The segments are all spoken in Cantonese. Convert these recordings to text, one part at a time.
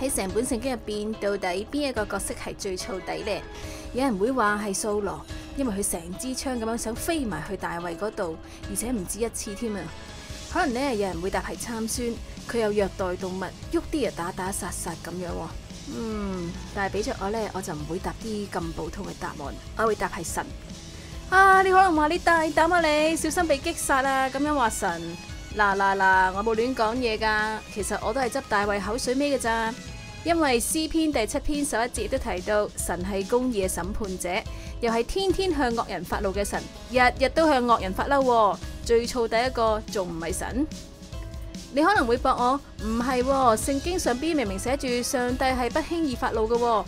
喺成本聖經入邊，到底邊一個角色係最燥底呢？有人會話係掃羅，因為佢成支槍咁樣想飛埋去大衛嗰度，而且唔止一次添啊。可能呢，有人會答係參孫，佢有虐待動物，喐啲人打打殺殺咁樣。嗯，但係俾咗我呢，我就唔會答啲咁普通嘅答案，我會答係神啊！你可能話你大膽啊，你小心被擊殺、啊、啦，啦，啦！咁樣話神嗱嗱嗱，我冇亂講嘢噶，其實我都係執大衛口水尾噶咋。因為詩篇第七篇十一節都提到，神係公義嘅審判者，又係天天向惡人發怒嘅神，日日都向惡人發嬲，最燥第一個仲唔係神？你可能會駁我，唔係喎，聖經上邊明明寫住上帝係不輕易發怒嘅喎，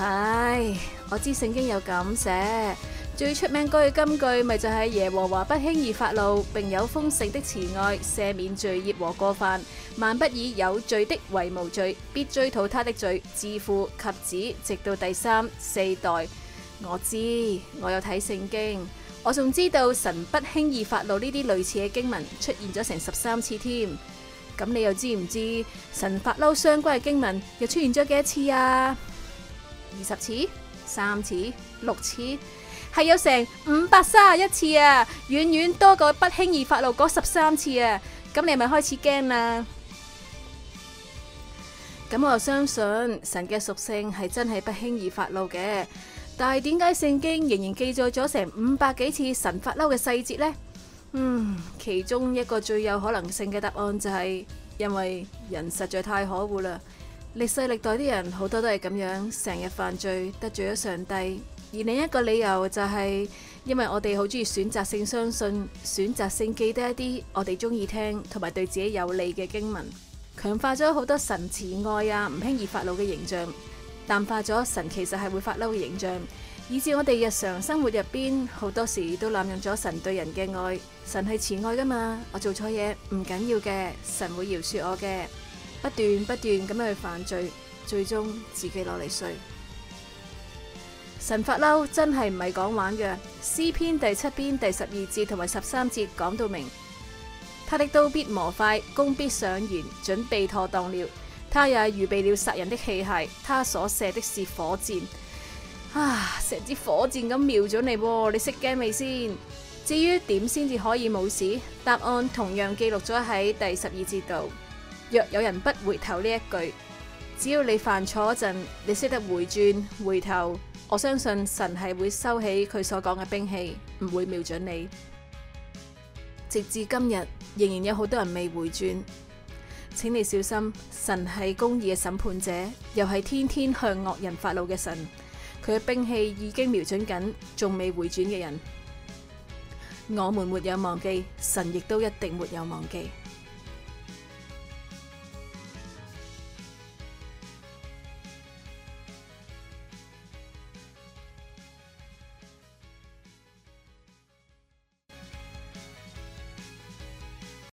唉，我知聖經有咁寫。最出名嗰句金句咪就係耶和華不輕易發怒，並有豐盛的慈愛，赦免罪孽和過犯。萬不以有罪的為無罪，必追討他的罪，自父及子，直到第三四代。我知，我有睇聖經，我仲知道神不輕易發怒呢啲類似嘅經文出現咗成十三次添。咁你又知唔知神發嬲相關嘅經文又出現咗幾多次啊？二十次、三次、六次。係有成五百三十一次啊，遠遠多過不輕易發怒嗰十三次啊！咁你咪開始驚啊？咁我又相信神嘅屬性係真係不輕易發怒嘅，但係點解聖經仍然記載咗成五百幾次神發嬲嘅細節呢？嗯，其中一個最有可能性嘅答案就係因為人實在太可惡啦，歷世歷代啲人好多都係咁樣，成日犯罪得罪咗上帝。而另一個理由就係，因為我哋好中意選擇性相信、選擇性記得一啲我哋中意聽同埋對自己有利嘅經文，強化咗好多神慈愛啊、唔輕易發怒嘅形象，淡化咗神其實係會發嬲嘅形象，以至我哋日常生活入邊好多時都濫用咗神對人嘅愛。神係慈愛㗎嘛，我做錯嘢唔緊要嘅，神會饒恕我嘅，不斷不斷咁樣去犯罪，最終自己攞嚟衰。神發嬲真係唔係講玩嘅，詩篇第七篇第十二節同埋十三節講到明，他的刀必磨快，弓必上弦，準備妥當了。他也預備了殺人的器械，他所射的是火箭，啊，成支火箭咁瞄咗你，你識驚未先？至於點先至可以冇事，答案同樣記錄咗喺第十二節度，若有人不回頭呢一句。只要你犯錯嗰陣，你識得回轉回頭，我相信神係會收起佢所講嘅兵器，唔會瞄準你。直至今日，仍然有好多人未回轉，請你小心，神係公義嘅審判者，又係天天向惡人發怒嘅神，佢嘅兵器已經瞄準緊仲未回轉嘅人。我們沒有忘記，神亦都一定沒有忘記。